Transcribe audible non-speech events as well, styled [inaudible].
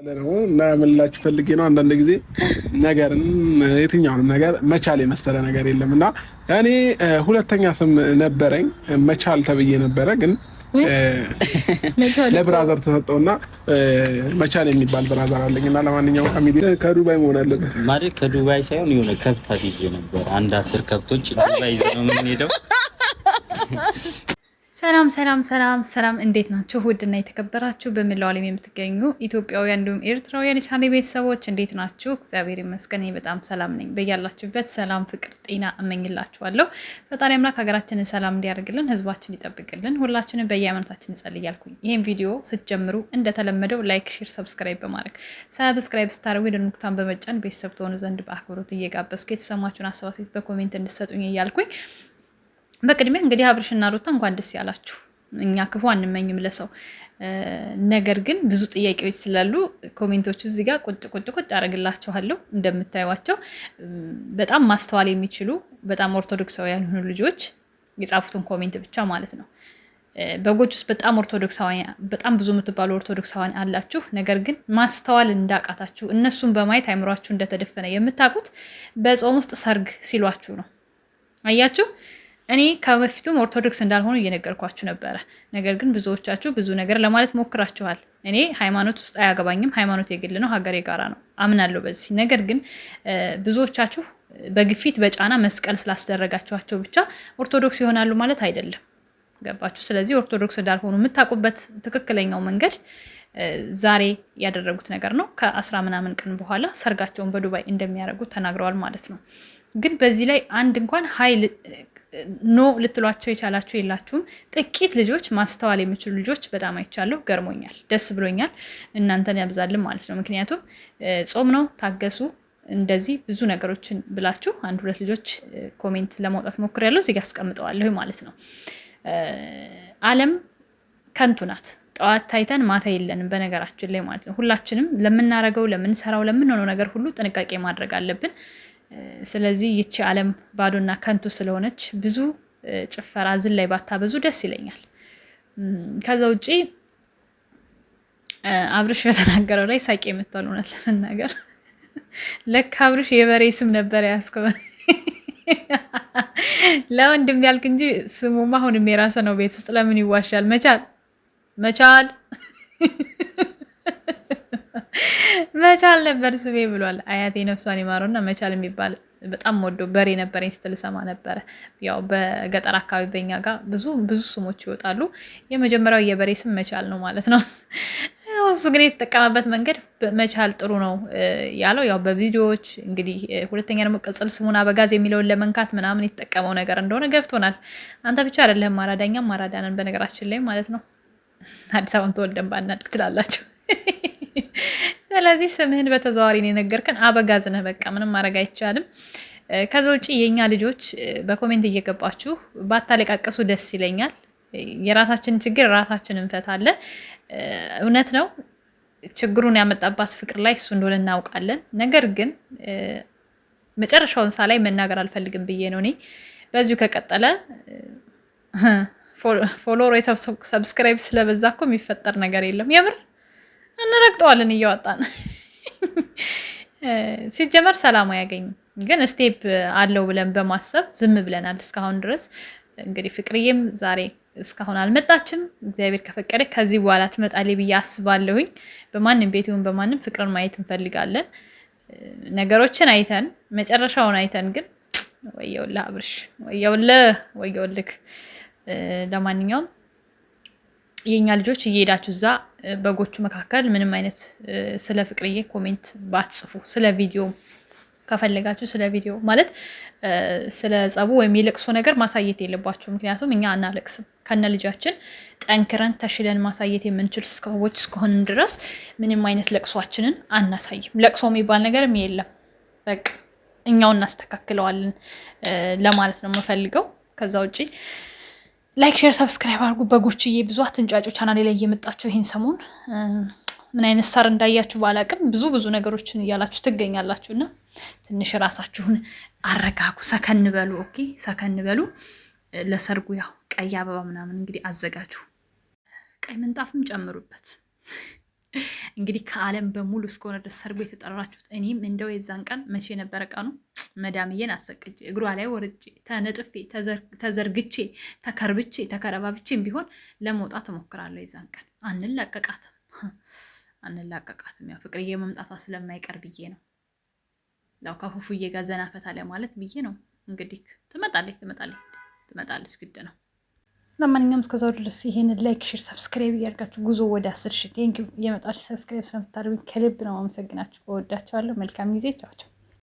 እና የምላችሁ ፈልጌ ነው። አንዳንድ ጊዜ ነገርን የትኛውንም ነገር መቻል የመሰለ ነገር የለም እና እኔ ሁለተኛ ስም ነበረኝ መቻል ተብዬ ነበረ ግን ለብራዘር ተሰጠው እና መቻል የሚባል ብራዘር አለኝ እና ለማንኛውም ፋሚሊ ከዱባይ መሆን አለበት ማለት ከዱባይ ሳይሆን የሆነ ከብት አስይዤ ነበር። አንድ አስር ከብቶች ዱባይ ይዘህ ነው የምንሄደው ሰላም ሰላም ሰላም ሰላም፣ እንዴት ናችሁ? ውድና የተከበራችሁ በመላው ዓለም የምትገኙ ኢትዮጵያውያን እንዲሁም ኤርትራውያን የቻሌ ቤተሰቦች እንዴት ናችሁ? እግዚአብሔር ይመስገን በጣም ሰላም ነኝ። በያላችሁበት ሰላም፣ ፍቅር፣ ጤና እመኝላችኋለሁ። ፈጣሪ አምላክ ሀገራችንን ሰላም እንዲያደርግልን፣ ህዝባችን ይጠብቅልን። ሁላችንም በየሃይማኖታችን እንጸልይ እያልኩኝ ቪዲዮ ስትጀምሩ እንደተለመደው ላይክ፣ ሼር፣ ሰብስክራይብ በማድረግ ሰብስክራይብ ስታደርጉ ደንኩታን በመጫን ቤተሰብ ተሆኑ ዘንድ በአክብሮት እየጋበዝኩ የተሰማችሁን አሰባሴት በኮሜንት እንድሰጡኝ እያልኩኝ በቅድሚያ እንግዲህ አብርሽና ሩታ እንኳን ደስ ያላችሁ። እኛ ክፉ አንመኝም ለሰው። ነገር ግን ብዙ ጥያቄዎች ስላሉ ኮሜንቶቹ እዚህ ጋር ቁጭ ቁጭ ቁጭ አደርግላችኋለሁ። እንደምታዩቸው በጣም ማስተዋል የሚችሉ በጣም ኦርቶዶክሳዊ ያልሆኑ ልጆች የጻፉትን ኮሜንት ብቻ ማለት ነው። በጎች ውስጥ በጣም ኦርቶዶክሳዊ በጣም ብዙ የምትባሉ ኦርቶዶክሳዊ አላችሁ። ነገር ግን ማስተዋል እንዳቃታችሁ እነሱን በማየት አይምሯችሁ እንደተደፈነ የምታውቁት በጾም ውስጥ ሰርግ ሲሏችሁ ነው። አያችሁ እኔ ከበፊቱም ኦርቶዶክስ እንዳልሆኑ እየነገርኳችሁ ነበረ። ነገር ግን ብዙዎቻችሁ ብዙ ነገር ለማለት ሞክራችኋል። እኔ ሃይማኖት ውስጥ አያገባኝም፣ ሃይማኖት የግል ነው፣ ሀገር የጋራ ነው አምናለሁ በዚህ ነገር ግን ብዙዎቻችሁ በግፊት በጫና መስቀል ስላስደረጋችኋቸው ብቻ ኦርቶዶክስ ይሆናሉ ማለት አይደለም። ገባችሁ? ስለዚህ ኦርቶዶክስ እንዳልሆኑ የምታውቁበት ትክክለኛው መንገድ ዛሬ ያደረጉት ነገር ነው። ከአስራ ምናምን ቀን በኋላ ሰርጋቸውን በዱባይ እንደሚያደርጉ ተናግረዋል ማለት ነው። ግን በዚህ ላይ አንድ እንኳን ሀይል ኖ ልትሏቸው የቻላችሁ የላችሁም። ጥቂት ልጆች ማስተዋል የሚችሉ ልጆች በጣም አይቻለሁ፣ ገርሞኛል፣ ደስ ብሎኛል። እናንተን ያብዛልን ማለት ነው። ምክንያቱም ጾም ነው፣ ታገሱ። እንደዚህ ብዙ ነገሮችን ብላችሁ አንድ ሁለት ልጆች ኮሜንት ለማውጣት ሞክሬያለሁ፣ እዚህ ጋ አስቀምጠዋለሁ ማለት ነው። ዓለም ከንቱ ናት። ጠዋት ታይተን ማታ የለንም። በነገራችን ላይ ማለት ነው ሁላችንም ለምናረገው ለምንሰራው፣ ለምንሆነው ነገር ሁሉ ጥንቃቄ ማድረግ አለብን። ስለዚህ ይቺ ዓለም ባዶና ከንቱ ስለሆነች ብዙ ጭፈራ ዝን ላይ ባታ ብዙ ደስ ይለኛል። ከዛ ውጪ አብርሽ በተናገረው ላይ ሳቄ የምትዋል እውነት ለመናገር [laughs] ለካ አብርሽ የበሬ ስም ነበር ያስከው [laughs] ለወንድም ያልክ እንጂ ስሙማ አሁንም የራሰ ነው። ቤት ውስጥ ለምን ይዋሻል? መቻል መቻል መቻል ነበር ስሜ ብሏል። አያቴ ነፍሷን ይማረውና መቻል የሚባል በጣም ወዶ በሬ ነበረኝ ስትል ሰማ ነበረ። ያው በገጠር አካባቢ በኛ ጋር ብዙ ብዙ ስሞች ይወጣሉ። የመጀመሪያው የበሬ ስም መቻል ነው ማለት ነው። እሱ ግን የተጠቀመበት መንገድ መቻል ጥሩ ነው ያለው ያው በቪዲዮዎች እንግዲህ። ሁለተኛ ደግሞ ቅጽል ስሙን አበጋዝ የሚለውን ለመንካት ምናምን የተጠቀመው ነገር እንደሆነ ገብቶናል። አንተ ብቻ አይደለህም አራዳኛም አራዳንን በነገራችን ላይ ማለት ነው። አዲስ አበባን ተወልደን ባናድግ ትላላቸው። ስለዚህ ስምህን በተዘዋዋሪ ነው የነገርከን። አበጋዝ ነህ። በቃ ምንም ማድረግ አይቻልም። ከዚ ውጭ የእኛ ልጆች በኮሜንት እየገባችሁ ባታለቃቀሱ ደስ ይለኛል። የራሳችንን ችግር ራሳችን እንፈታለን። እውነት ነው ችግሩን ያመጣባት ፍቅር ላይ እሱ እንደሆነ እናውቃለን። ነገር ግን መጨረሻውን ሳ ላይ መናገር አልፈልግም ብዬ ነው እኔ በዚሁ ከቀጠለ ፎሎወር ሰብስክራይብ ስለበዛ እኮ የሚፈጠር ነገር የለም የምር እንረግጠዋለን እያወጣን። ሲጀመር ሰላም አያገኝም፣ ግን ስቴፕ አለው ብለን በማሰብ ዝም ብለናል እስካሁን ድረስ። እንግዲህ ፍቅርዬም ዛሬ እስካሁን አልመጣችም። እግዚአብሔር ከፈቀደ ከዚህ በኋላ ትመጣለች ብዬ አስባለሁኝ። በማንም ቤት ይሁን በማንም ፍቅርን ማየት እንፈልጋለን። ነገሮችን አይተን መጨረሻውን አይተን ግን ወየውልህ አብርሽ፣ ወየውልህ ወየውልክ። ለማንኛውም የኛ ልጆች እየሄዳችሁ እዛ በጎቹ መካከል ምንም አይነት ስለ ፍቅርዬ ኮሜንት ባትጽፉ፣ ስለ ቪዲዮ ከፈለጋችሁ ስለ ቪዲዮ ማለት ስለ ጸቡ ወይም የለቅሶ ነገር ማሳየት የለባችሁ። ምክንያቱም እኛ አናለቅስም። ከነ ልጃችን ጠንክረን ተሽለን ማሳየት የምንችል ሰዎች እስከሆንን ድረስ ምንም አይነት ለቅሷችንን አናሳይም። ለቅሶ የሚባል ነገርም የለም። በቃ እኛው እናስተካክለዋለን ለማለት ነው የምፈልገው ከዛ ውጪ ላይክ፣ ሼር፣ ሰብስክራይብ አድርጉ። በጎችዬ ብዙ አትንጫጩ። ቻናሌ ላይ እየመጣችሁ ይህን ሰሞን ምን አይነት ሳር እንዳያችሁ ባላቅም ብዙ ብዙ ነገሮችን እያላችሁ ትገኛላችሁ እና ትንሽ ራሳችሁን አረጋጉ፣ ሰከን በሉ። ኦኬ ሰከን በሉ። ለሰርጉ ያው ቀይ አበባ ምናምን እንግዲህ አዘጋጁ፣ ቀይ ምንጣፍም ጨምሩበት። እንግዲህ ከዓለም በሙሉ እስከሆነ ድረስ ሰርጉ የተጠራችሁት እኔም እንደው የዛን ቀን መቼ ነበረ ቀኑ መዳምዬን አስፈቅጄ እግሯ ላይ ወርጄ ተነጥፌ ተዘርግቼ ተከርብቼ ተከረባብቼም ቢሆን ለመውጣት እሞክራለሁ። የዛን ቀን አንላቀቃትም [laughs] አንላቀቃትም። ያው ፍቅርዬ መምጣቷ ስለማይቀር ብዬ ነው ያው ከፉፉዬ ጋር ዘና ፈታ ለማለት ብዬ ነው። እንግዲህ ትመጣለች ትመጣለች ትመጣለች፣ ግድ ነው። ለማንኛውም እስከዛው ድረስ ይሄንን ላይክ፣ ሼር፣ ሰብስክራይብ እያደርጋችሁ ጉዞ ወደ አስር ሺ ቴንኪው። የመጣችሁ ሰብስክራይብ ስለምታደርጉኝ ከልብ ነው አመሰግናችሁ። እወዳችኋለሁ። መልካም ጊዜ። ቻውቸው